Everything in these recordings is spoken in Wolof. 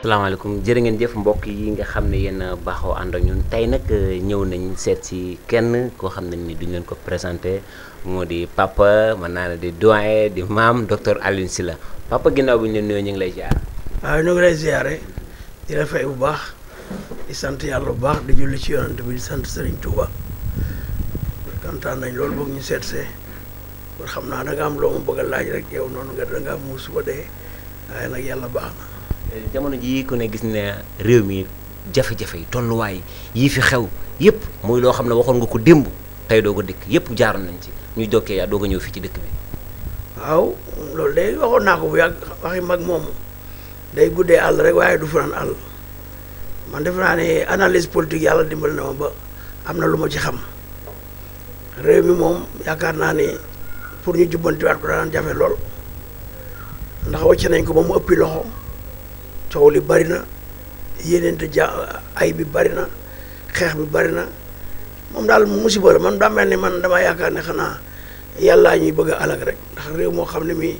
salaamaaleykum jërë ngeen jëf mbokk yi nga xam ne yéen a baaxoo ànd ak ñun tey nag euh, ñëw nañ seet si kenn koo xam ne ni duñ leen ko présenté moo di papa mën naa ne di doyen di maam docteur si la papa ginnaaw bi ñu leen nuyoo ñu ngi lay ziar. waaw ah, ñu la fay bu baax di sant yàlla bu baax di julli ci yonent bi di sant Serigne Touba kontaan nañ loolu boog ñu seet see kon xam naa danga am loo ma bëgg a laaj rek yow noonu nga da am muus dee waaye nag yàlla baax na. jamono jii ku ne gis ne réew mi jafe-jafe yi tolluwaay yii fi xew yëpp muy loo xam ne waxoon nga ko démb tey doo ko dikk yëpp jaaroon nañ ci ñu jokkee yaa doog a ñëw fii ci dëkk bi. waaw loolu day waxoon naa ko bu yàgg waxi mag moomu day guddee àll rek waaye du fanaan àll man def naa ne analyse politique yàlla dimbal na ma ba am na lu ma ci xam réew mi moom yaakaar naa ne pour ñu jubbantiwaat ko daan jafe lool ndax wàcce nañ ko ba mu ëppi loxo. coow li bari na yéeneente ja ay bi bari na xeex bi bari na moom daal musiba la man daa mel ni man dama yaakaar ne xanaa yàllaa ñuy bëgg a alag rek ndax réew moo xam ne mii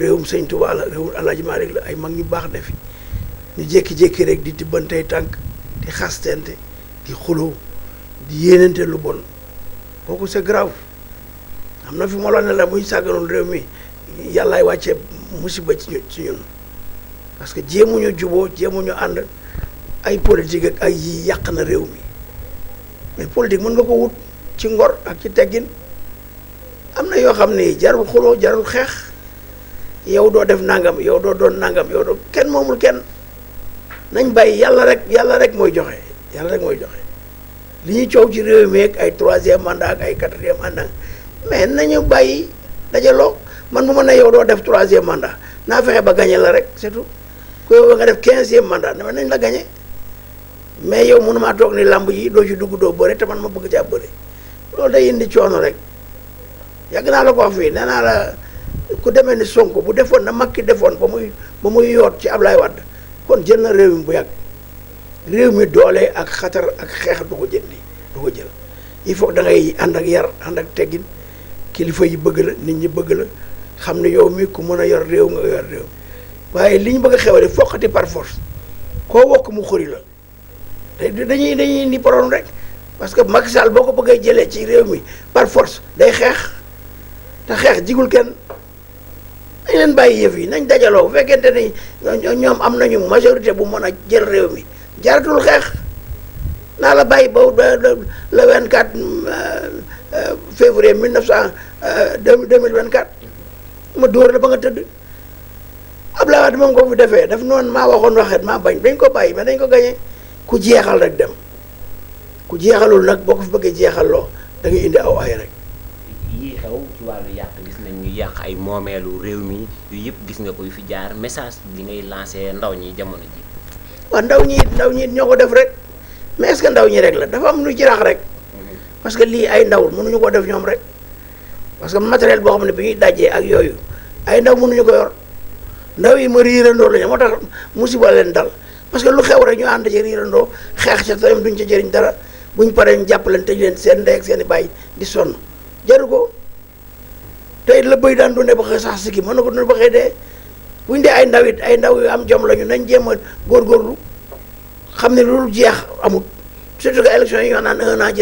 réewum sëñ Tuubaa la réewum Alaaji Maalik la ay mag ñu baax defi ñu jékki-jékki rek di tibbantey tànk di xastente di xuloo di yéenente lu bon kooku c'est grave am na fi moo la ne la muy sàgganoon réew mi yàllaay wàccee musiba ci ñun parce que jéemuñu juboo jéemuñu ànd ay politique ak ay yii yàq na réew mi mais politique mën nga ko wut ci ngor ak ci teggin am na yoo xam ne jarul xuloo jarul xeex yow doo def nangam yow doo doon nangam yow doo kenn moomul kenn nañ bàyyi yàlla rek yàlla rek mooy joxe yàlla rek mooy joxe li ñuy coow ci réew mi ak ay troisième mandat ak ay quatrième mandat mais nañu bàyyi dajaloo man bu ma ne yow doo def troisième mandat naa fexe ba gañe la rek c'est ku yow nga def quinzième mandat dama nañ la gagné mais yow mënumaa toog ni làmb yi doo ci dugg doo bëre te ma bëgg caa bëre loolu day indi coono rek yàgg naa la ko wax fii nee naa la ku demee ni Sonko bu defoon na Macky defoon ba muy ba muy yoot ci Ablaye Wade kon jël na réew mi bu yàgg réew mi doole ak xatar ak xeex du ko jël il faut dangay ànd ak yar ànd ak teggin kilifa yi bëgg la nit ñi bëgg la xam ne yow mi ku mën a yor réew nga yor réew waaye li ñu bëgg a xewale foqati par force koo wokk mu xuri la te dañuy dañuy indi problème rek parce que mag Sall boo ko bëggee jëlee ci réew mi par force day xeex te xeex jigul kenn dañ leen bàyyi yëf yi nañ dajaloo bu fekkente ni ñoom am nañu majorité bu mën a jël réew mi jaratul xeex naa la bàyyi ba le 24 euh, euh, février 1900 2024 euh, ma dóor la ba nga tëdd. Wade moom ko fi defee daf noonu maa waxoon waxet maa bañ dañ ko bàyyi mais dañ ko gañe ku jeexal rek dem ku jeexalul nag boo ko fi bëggee jeexaloo da indi aw ay rek. yii xew yàq gis nañ ñu yàq ay moomeelu réew mi yëpp gis nga koy fi jaar message bi ngay lancé ndaw ñi jamono ji ndaw ñi ndaw ñi ñoo ko def rek mais est-ce que ndaw ñi rek la dafa am lu jarax rek parce que lii ay ndaw mënuñu ko def ñoom rek parce que matériel boo xam ne bi ñuy dajee ak yooyu ay ndaw mënuñu ko yor. ndaw yi ma riirandoo la ñu moo tax musiba leen dal parce que lu xew rek ñu ànd ci riirandoo xeex ca tam duñ ca jariñ dara buñ paree ñu jàppaleen tëj leen seen ndey ak seen di sonn jaru ko tey la bëy daan dundee ba xëy sax sikki mën na ko dund ba xëy dee ay ndaw it ay ndaw yu am jom lañu nañ jéem a góorgóorlu xam ne loolu jeex amut surtout que élection yi ñu wax naan un an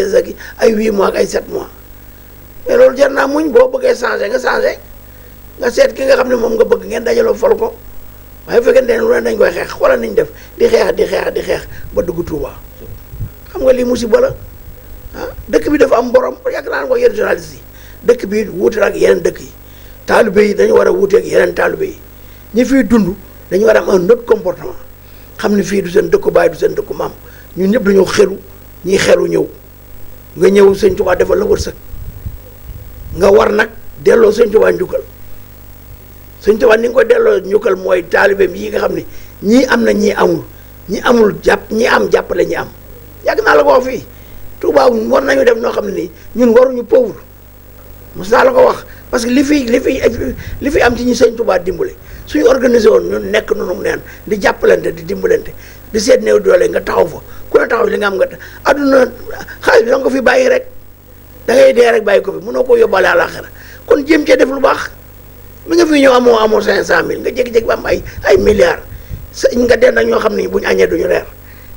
ay 8 mois ak ay 7 mois mais loolu jar naa muñ boo bëggee changé nga changé. nga seet ki nga xam ne moom nga bëgg ngeen dajaloo fol ko waaye bu fekkente ne lu ne dañ koy xeex xoolal nañ def di xeex di xeex di xeex ba dugg Touba xam nga lii musiba la ah dëkk bi dafa am borom yàgg naa ko yenn journaliste yi dëkk bi wuute ak yeneen dëkk yi taalibe yi dañu war a wuute ak yeneen taalibe yi ñi fiy dund dañu war a am a autre comportement xam ni fii du seen dëkku baay du seen dëkku maam ñu ñëpp dañoo xelu ñi xelu ñëw nga ñëw sëñ Touba defal la wërsëg nga war nag delloo sëñ Touba njukkal sëñ Tuubaa ni nga ko delloo ñukkal mooy taalibeem yi nga xam ni ñii am na ñii amul ñi amul jàpp ñi am jàppale ñi am yàgg naa la ko wax fii Touba war nañu def noo xam ni ñun waruñu pauvre mos naa la ko wax parce que li fi li fi li fi am ci ñu sëñ Touba dimbale suñu organisé woon ñun nekk nunu neen di jàppalante di dimbalante di seet néew doole nga taxaw fa ku ne taxaw li nga am nga adduna xaalis bi da ko fi bàyyi rek dangay ngay dee rek bàyyi ko fi mënoo ko yóbbaale àlaxira kon jéem cee def lu baax lu nga fii ñëw amoo amoo cinq cent mille nga jékki-jékki ba am ay ay milliards sa nga den ak ñoo xam ne buñu añee duñu reer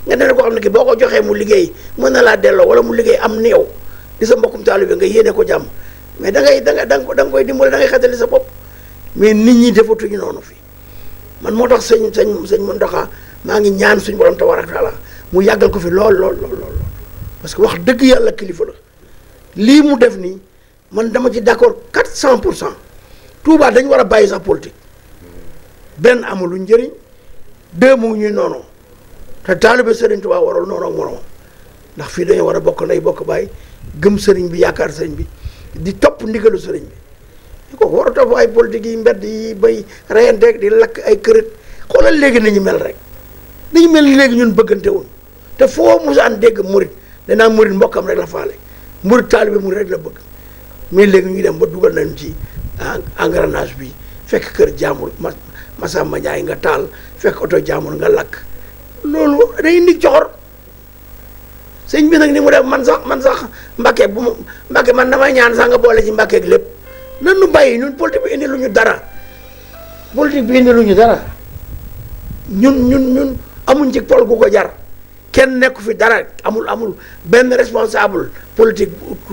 nga den koo xam ne ki boo ko joxee mu liggéey mën na laa delloo wala mu liggéey am ni yow di sa mbokkum taalibe nga yéene ko jàmm mais da ngay da nga da nga koy dimbale da ngay xetali sa bopp mais nit ñi defatuñu noonu fii man moo tax sañ sañ sëñ Mountakha maa ngi ñaan suñu borom tabaaraka taala mu yàggal ko fi lool lool lool lool parce que wax dëgg yàlla kilifa la lii mu def nii man dama ci d'accord 400 pour cent Touba dañ war a bàyyi sax politique benn amul lu njëriñ deux mu ngi ñuy noonoo te taalibe Serigne Touba waral noonu moo moroom ndax fii dañoo war a bokk nday bokk bàyyi gëm sëriñ bi yaakaar sëriñ bi di topp ndigalu sëriñ bi di ko war a topp ay politique yi mbedd yi bay reyanteeg di lakk ay kërit xoolal léegi nañu mel rek ñu mel ni léegi ñun bëggante woon te foo musaan dégg murit danaa murit mbokkam rek la faale murit taalibe murit rek la bëgg mais léegi ñu dem ba dugal nañu ci engrenage bi fekk kër jàmbur ma Masamba Ndiaye nga taal fekk oto jàmbur nga lakk loolu day indi coxor sëñ bi nag ni mu dem man sax man sax Mbàkke bu Mbàkke man damay ñaan sax nga boole ci Mbàkke ak lépp nan nu bay ñun politique bi indi lu ñu dara politique bi indi lu ñu dara ñun ñun ñun amuñ ci pol gu ko kenn nekku fi dara amul amul benn responsable politique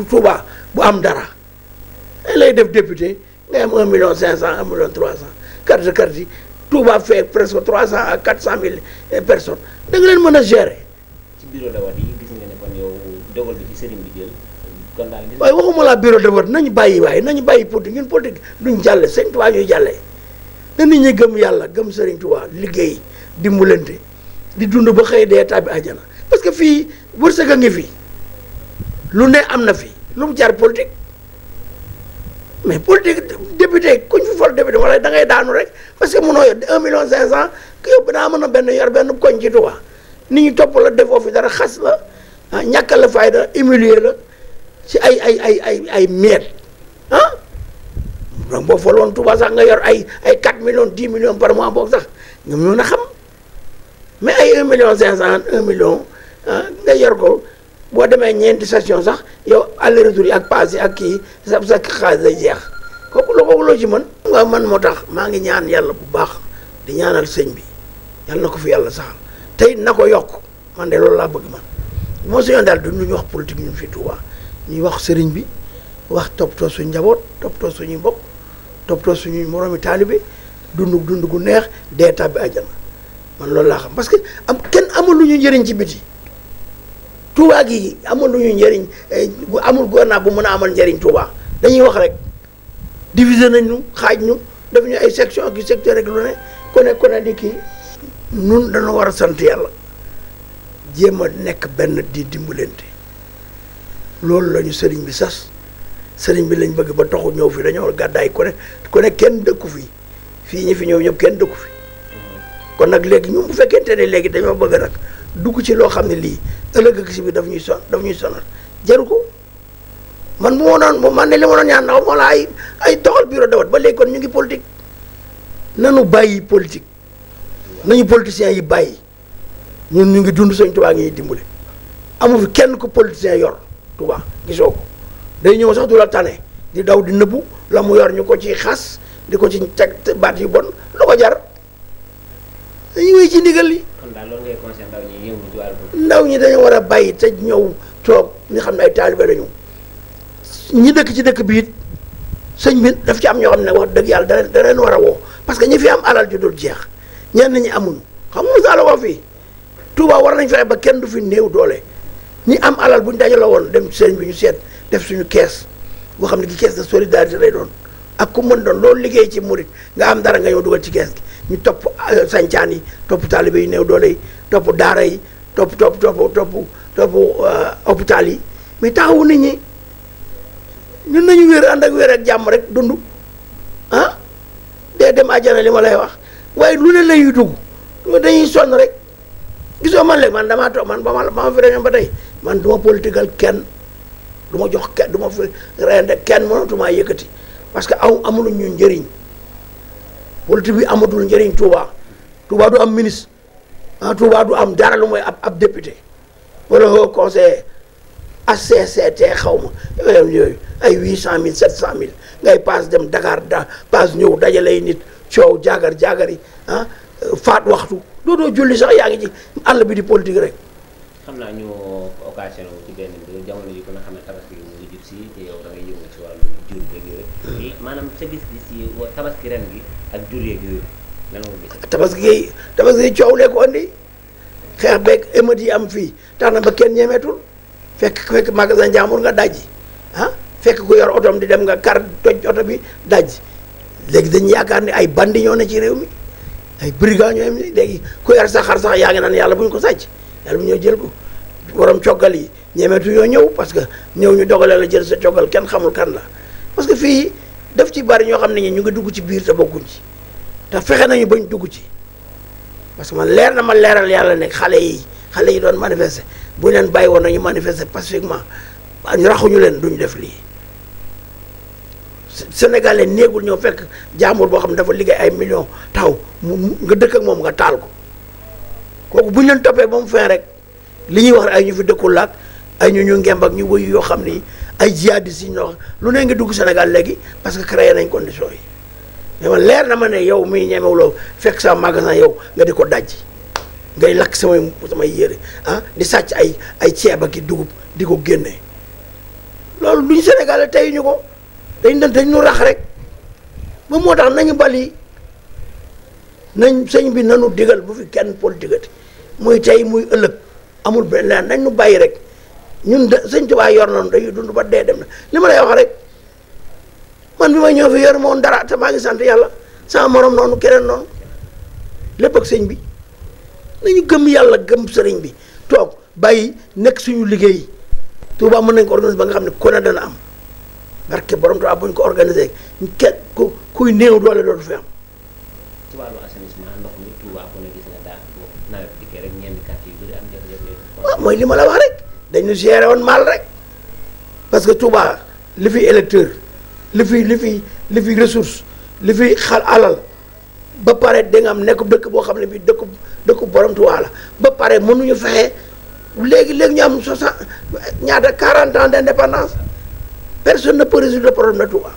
Touba bu am dara lay def député ngay am 1 million 500 1 million 300 carte de carte yi Touba fait presque 300 à 400 mille personnes da leen mën a gérer. ci bureau bi ci sëriñ bi kon daal waaye waxuma laa bureau de vote nañu bàyyi waaye nañu bàyyi politique ñun politique duñ jàlle sëñ Touba ñuy jàlle na nit ñi gëm yàlla gëm sëriñ Touba liggéey di dimbalante di dund ba xëy dee tàbbi àjjana parce que fii wërsëg a ngi fii lu ne am na fi lu mu jaar politique. mais politique député ku ñu fi fal député wala da ngay daanu rek parce que mënoo yor un million cinq cent ku yóbbu daa mën a benn yor benn koñ ci Tuubaa nit ñi topp la defoo fi xas la ah ñàkk la fayda humilier la si ay ay ay ay ay miettes ah donc boo faloon Tuubaa sax nga yor ay ay 4 millions 10 million par mois boog sax nga mën a xam mais ay 1 million 500 1 million ah nga yor ko. boo demee ñeenti station sax yow aller retour yi ak paas ak kii sa sa xaalis lay jeex kooku loo kooku loo ci mën. nga man moo tax maa ngi ñaan yàlla bu baax di ñaanal sëñ bi yàlla na ko fi yàlla saxal tey na ko yokk man de loolu laa bëgg man moo si yoon daal du ñu wax politique ñun fii Touba ñuy wax sëriñ bi wax toppatoo suñu njaboot toppatoo suñuy mbokk toppatoo suñuy moroomi taalibe dund dund gu neex dee tàbbi àjjana man loolu laa xam parce que am kenn amaluñu njëriñ ci biti. Touba gi amul lu ñu njëriñ eh, amul gouvernement bu mën a amal njëriñ Touba dañuy wax rek diviser nañ ñu xaaj ñu def ñu ay section ak yu secteur rek lu ne ku ne ku ne kii nun dañu war a sant yàlla jéem a nekk benn di dimbalante loolu lañu sëriñ bi sas sëriñ bi lañ bëgg ba taxu ñëw fii dañoo gàddaay ku ne ku kenn dëkku fi fii ñi fi ñëw ñëpp kenn dëkku fi mm-hmm. kon nag léegi ñu bu fekkente ne léegi dañoo bëgg nag dugg ci loo xam ne lii ëllëg ak si bi daf ñuy son daf ñuy sonal jaru ko man bu ma doon man ne li ma ñaan ndax wala ay ay toxal bureau de ba léegi kon ñu ngi politique nanu bàyyi politique nañu politiciens yi bàyyi mun ñu ngi dund Sëñ Tuubaa ngi dimbale amu fi kenn ku politicien yor Tuubaa gisoo ko day ñëw sax du la tane di daw di nëbbu la mu yor ñu ko ci xas di ko ci teg baat yu bon lu ko jar dañuy wéy ci ndigal li daal loolu ngay conseil ndaw ñi ndaw ñi dañu war a bàyyi te ñëw toog ñi xam ne ay taalibe lañu ñi dëkk ci dëkk bi it sëñ bi daf ci am ñoo xam ne wax dëgg yàlla da da leen war a woo parce que ñi fi am alal ju dul jeex ñenn ñi amuñu xam nga saa la woo fii Touba war nañ fexe ba kenn du fi néew doole ñi am alal bu ñu dajaloo woon dem sëñ bi ñu seet def suñu kees boo xam ne gi kees de solidarité lay doon ak ku mën doon loolu liggéey ci murit nga am dara nga ñëw dugal ci kees gi ñu topp euh, sancaan yi topp taalibe yu néew doole yi topp daara yi topp topp topp topp topp euh, hôpital yi mais taxawu nit ñi ñun nañu wér ànd ak wéer ak jàmm rek dund ah dee dem àjjana li ma lay wax waaye lu ne lañuy dugg dañuy sonn rek gisoo man léegi man dama toog man ba ma ba ma ba tey man du ma politikal kenn du ma jox kenn du ma fi reyante kenn mënatumaa yëkkati parce que aw amuluñ ñu njëriñ politique bi amatul njëriñ Touba Touba du am ministre ah Touba du am dara lu mooy ab ab député wala haut conseiller HCCT xaw ma yooyu ay huit cent mille sept cent mille ngay paas dem Dakar da paas ñëw dajalay nit coow jaagar jaagar yi ah faat waxtu dootoo julli sax yaa ngi ci àll bi di politique rek. xam naa ñu occasion jamono yi ko nga xam ne tabaski maanaam sa gis-gis tabaski ren gi ak jur yeeg yooyu nan nga gis tabaski yi yi xeex beeg émeute yi am fii tax na ba kenn ñemeetul fekk fekk magasin jaamur nga dajji ah fekk ku yor otoom di dem nga kar toj oto bi dajji léegi dañ yaakaar ni ay bandi ñoo ne ci réew mi ay brigand ñoo am léegi ku yar sa xar sax yaa ngi naan yàlla bu ñu ko sàcc yàlla bu ñoo jël ko waroom coggal yi ñemeetu ñoo ñëw parce que ñëw ñu dogalee la jël sa coggal kenn xamul kan la parce que fii daf ci bari ñoo xam ne ñi ñu ngi dugg ci biir sa bokkuñ ci te fexe nañu bañ dugg ci parce que man leer na ma leeral yàlla ne xale yi xale yi doon manifester bu ñu leen bàyyi woon nañu manifester pacifiquement ñu raxuñu leen duñu def lii sénégalais néegul ñoo fekk jaamur boo xam ne dafa liggéey ay millions taw nga dëkk ak moom nga taal ko kooku bu ñu leen toppee mu fin rek li ñuy wax ay ñu fi dëkkul laak ay ñu ñu ngemb ak ñu wëyu yoo xam ni ay jihadis yi ñoo lu ne nga dugg Sénégal léegi parce que créé nañ condition yi mais man leer na ma ne yow muy ñemewuloo fekk sa magasin yow nga di ko daj ngay lakk samay samay yére ah di sàcc ay ay ceeb ak i dugub di ko génne loolu duñ Sénégal tey ñu ko dañ dañ dañ ñu rax rek ba moo tax nañu bali nañ sëñ bi nanu digal bu fi kenn politique muy tey muy ëllëg amul benn nañ ñu bàyyi rek ñun de sëñ Tuubaa yor noonu dañuy dund ba dee dem na li ma lay wax rek man bi ma ñëw fi yor moom dara te maa ngi sant yàlla sama morom noonu keneen noonu lépp ak sëñ bi nañu gëm yàlla gëm sëriñ bi toog bàyyi nekk suñu liggéey Tuubaa mën nañ ko organiser ba nga xam ne ku ne dana am barke borom Tuubaa bu ñu ko organiser kenn kuy néew doole dootu fi am. waaw mooy li ma la wax rek dañu géré woon mal rek parce que Touba li fi électeur li fi li fi li fi ressource li fi xal alal ba pare da am nekk dëkk boo xam ne bii dëkku dëkku borom Touba la ba pare mënuñu fexe léegi léegi ñu am soixante ñaata quarante ans d' indépendance personne ne peut résoudre le problème de Touba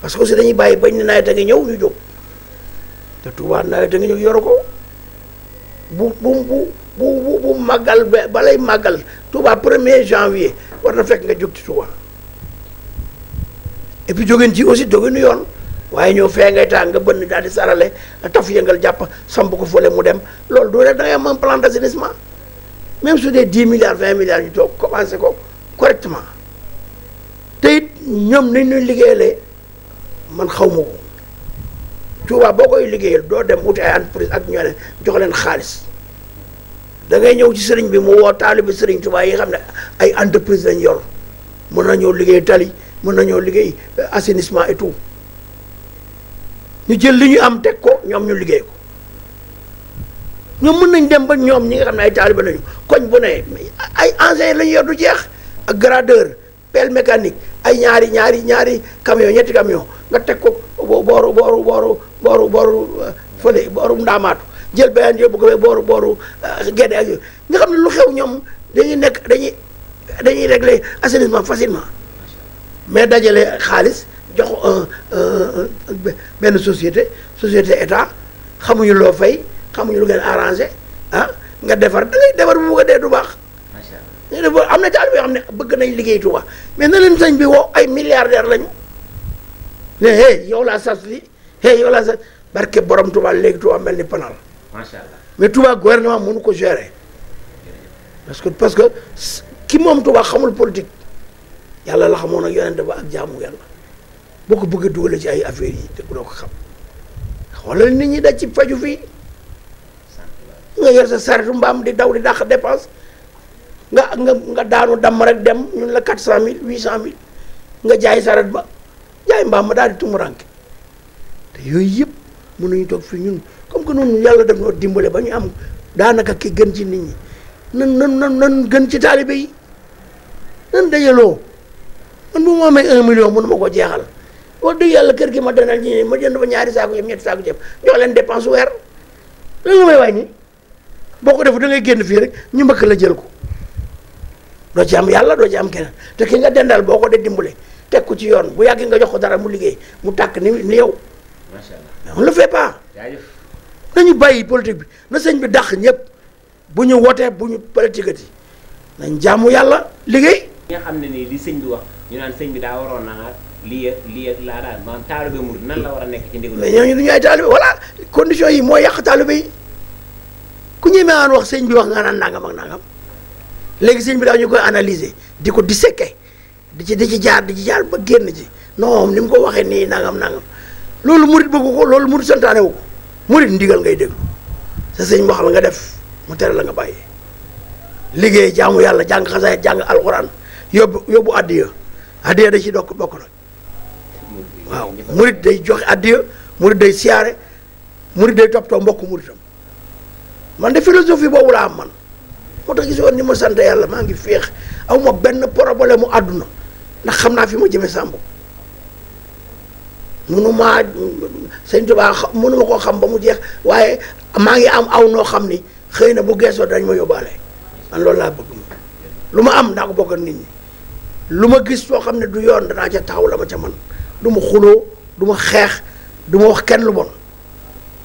parce que aussi dañuy bàyyi bañ ne nawet a ngi ñëw ñu jóg te Touba nawet a ngi ñëw yoru ko. bu bu bu bu bu màggal ba balay màggal Touba premier janvier war na fekk nga jóg ci Touba et puis jógeen ci aussi jógeenu yoon waaye ñëw fee ngay taa nga bënn daal di sarale taf yëngal jàpp samb ko fële mu dem loolu du rek da ngay am un plan d'assainissement même su dee dix milliards vingt milliards ñu toog commencé ko correctement te it ñoom ni ñuy liggéeyalee man xaw ma ko Touba boo koy liggéeyal doo dem wuti ay entreprise ak ñoo ne jox leen xaalis da ngay ñëw ci sëriñ bi mu woo taalibi sëriñ Touba yi xam ne ay entreprise lañ yor mën nañoo liggéey tali mën nañoo liggéey assainissement et tout ñu jël li ñu am teg ko ñoom ñu liggéey ko ñoom mën nañ dem ba ñoom ñi nga xam ne ay taaliba lañu koñ bu ne ay engins la ñu yor du jeex ak gradeur pelle mécanique ay ñaari ñaari ñaari camion ñetti camion nga teg ko booru booru booru booru booru euh, fële booru ndaamaatu jël beneen yóbbu ko booru booru euh, gedde ak nga xam ne lu xew ñoom dañuy nekk dañuy dañuy régler assainissement facilement mais dajale xaalis jox benn société société état xamuñu loo fay xamuñu lu ngeen arrangé ah nga defar da ngay defar bu mu ko dee du baax ne dafa am na taalibe yoo xam ne bëgg nañ liggéey Touba mais na leen sëñ bi woo ay milliardaire lañu ne hey yow laa sas li hey yow laa sas barke borom Touba léegi Touba mel ni panal. macha allah mais Touba gouvernement mënu ko gérer parce que parce que ki moom Touba xamul politique yàlla la xamoon ak yonent ba ak jaamu yàlla boo ko bëgg a dugalee ci ay affaires yi te doo ko xam xoolal nit ñi daj ci faju fii nga yor sa saretu mbaam di daw di dàq dépense. nga nga nga daanu damm rek dem ñun la quatre cent mille huit cent mille nga jaay saret ba jaay mbaam ma daal di tumuranke te yooyu yëpp mënuñu toog fii ñun comme que noonu yàlla def noo dimbale ba ñu am daanaka ki gën ci nit ñi nan nan nan nan gën ci taalibe yi nan dajaloo man bu ma amee un million mënu ma ko jeexal wax dëgg yàlla kër gi ma danal ñi ma jënd ba ñaari saako yëpp ñetti saako yëpp jox leen dépense weer lan la may wàññi boo ko def da génn fii rek ñu mbëkk la jël ko doo ci am yàlla doo ci am keneen te ki nga dendal boo ko dee dimbale teg ko ci yoon bu yàgg nga jox ko dara mu liggéey mu tàkk ni ni yow. macha allah bàyyi politique bi na sëñ bi dàq ñëpp bu ñu wootee bu ñu politique yi nañ jaamu yàlla liggéey. ñi xam ne nii li sëñ bi wax ñu naan sëñ bi daa waroon naa lii ak lii ak laa daal maanaam taalibe murid nan la war a nekk ci ndigal. mais ñooñu du ñu ay taalibe yi moo yàq taalibe yi ku wax sëñ bi wax nga naan nangam ak nangam. léegi sëñ bi daa ñu koy analyser di ko di disséquer di ci di ci jaar di ci jaar ba génn ci non ni mu ko waxee nii nangam nangam loolu murit bëggu ko loolu murit santaane wu ko murit ndigal ngay déglu sa sëñ wax la nga def mu tere la nga bàyyi liggéey jaamu yàlla jàng xasaay jàng alxuraan yóbbu yóbbu addiya addiya da ci dokk bokk nag waaw day joxe addiya murit day siyaare murit day toppatoo mbokk muritam man de philosophie boobu laa am man moo tax gis woon ni ma sant yàlla maa ngi féex aw ma benn problème mu àdduna ndax xam naa fi ma jëme sàmb munu maa sëñ Tuubaa munu ma koo xam ba mu jeex waaye maa ngi am aw noo xam ni xëy na bu geesoo dañ ma yóbbaale loolu laa bëgg ma ma am naa ko bokk lu ma gis soo xam ne du yoon danaa ca taxaw la ma ca man du ma xuloo du ma xeex du ma wax kenn lu bon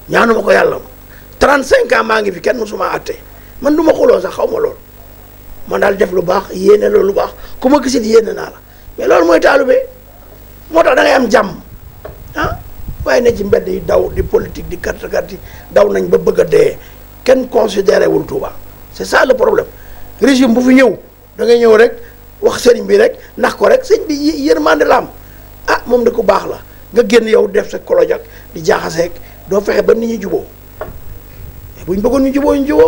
ñaanuma ko yàlla ma 35 ans maa ngi fi kenn mësuma àtte man du ma xuloo sax xaw ma loolu man daal def lu baax yéene la lu baax ku ma gisit yéene naa la mais loolu mooy taalube moo tax da am jàmm ah waaye ne ci mbedd yi daw di politique di carte carte daw nañ ba bëgg a dee kenn considéré wul Touba c'est ça le problème régime bu fi ñëw da ngay ñëw rek wax sëriñ bi rek ndax ko rek sëñ bi yërmande la am ah moom de ku baax la nga génn yow def sa kolojak di jaaxaseek doo fexe ba nit ñi juboo mais bëggoon ñu juboo ñu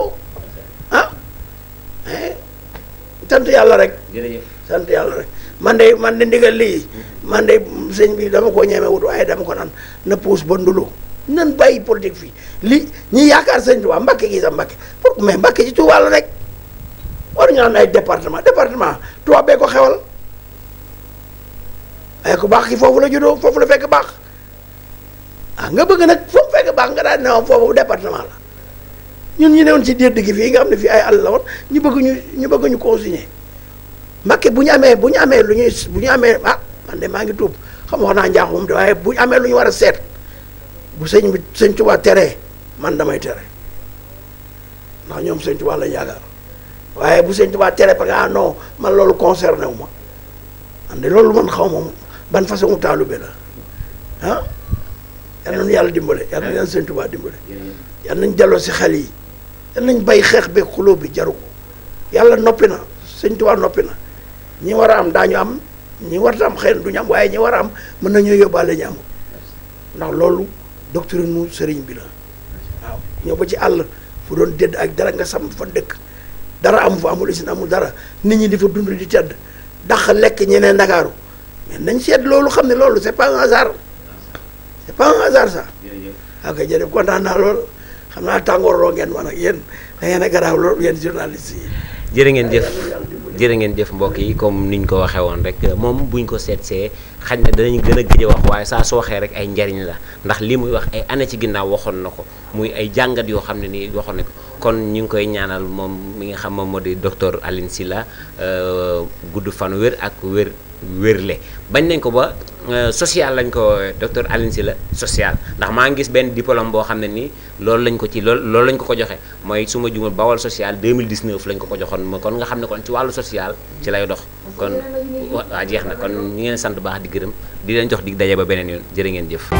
sant yàlla rek. jërëjëf sant yàlla rek man de man de ndigal lii. man de sëñ bi dama koo ñemee wut waaye dama ko naan na puus ba ndulu nan bàyyi politique fii li ñi yaakaar sëñ Tuubaa Mbàkke gi sax Mbàkke pour mais Mbàkke ci Tuubaa la rek war ñu am ay département département Tuubaa bee ko xewal waaye ku baax ki foofu la juddoo foofu la fekk baax ah nga bëgg nag foofu fekk baax nga daal ne foofu département la. ñun ñu newoon ci déedéet gi fii nga xam ne fii ay àll la woon ñu bëgg ñu ñu bëgg ñu consigné Macky bu ñu amee bu ñu amee lu ñuy bu ñu amee ah man de maa ngi tuub xam wax naa njaaxum de waaye bu ñu ñu war a seet bu sëñ bi sëñ Tuubaa man damay tere ndax ñoom sëñ Tuubaa lañ yaakaar waaye bu sëñ Tuubaa tere parce que ah non man loolu concerné wu ma man de loolu man xaw ma ban façon taalube la ah. yal yàlla dimbale yal nañu yàlla sëñ Tuubaa dimbale. yal nañu delloo si xel yi. yal nañ bay xeex beeg xuloo bi jaru yàlla noppi na sëñ Tuubaa noppi na ñi war a am daañu am ñi war am xëy na du ñu am waaye ñi war a am mën nañoo yóbbaale ñu am ndax loolu doctrine mu sëriñ bi la waaw ñëw ba ci àll fu doon dédd ak dara nga sam fa dëkk dara am fa amul usine amul dara nit ñi di fa dund di tedd dax lekk ñeneen Ndakaaru mais nañ seet loolu xam ne loolu c'est pas un hasard c'est pas un hasard ça. jërëjëf ok jërëjëf loolu. xam ngeen ma nag yéen da ngeen a garaaw ngeen jëf jërë ngeen jëf mbokk yi comme niñ ko waxee woon rek moom bu ñu ko seetsee xaj na danañ gën a gëj wax waaye saa su waxee rek ay njariñ la ndax lii muy wax ay année ci ginnaaw waxoon na ko muy ay jàngat yoo xam ne nii waxoon na ko kon ñu ngi koy ñaanal moom mi ngi xam moom moo di docteur Alioune Sylla euh, gudd fan wér ak wér wérle bañ nañ ko ba. Euh, social lañ ko euh, docteur Alioune la social ndax maa ngi gis benn diplôme boo xam ne nii loolu lañ ko ci loolu loolu lañ ko ko joxe mooy su ma jumul bawal social 2019 lañ ko ko joxoon ma kon nga xam ne kon ci wàllu social ci lay dox kon waa jeex na kon ñu ngeen sant baax di gërëm di leen jox dig daje ba beneen yoon jërë ngeen jëf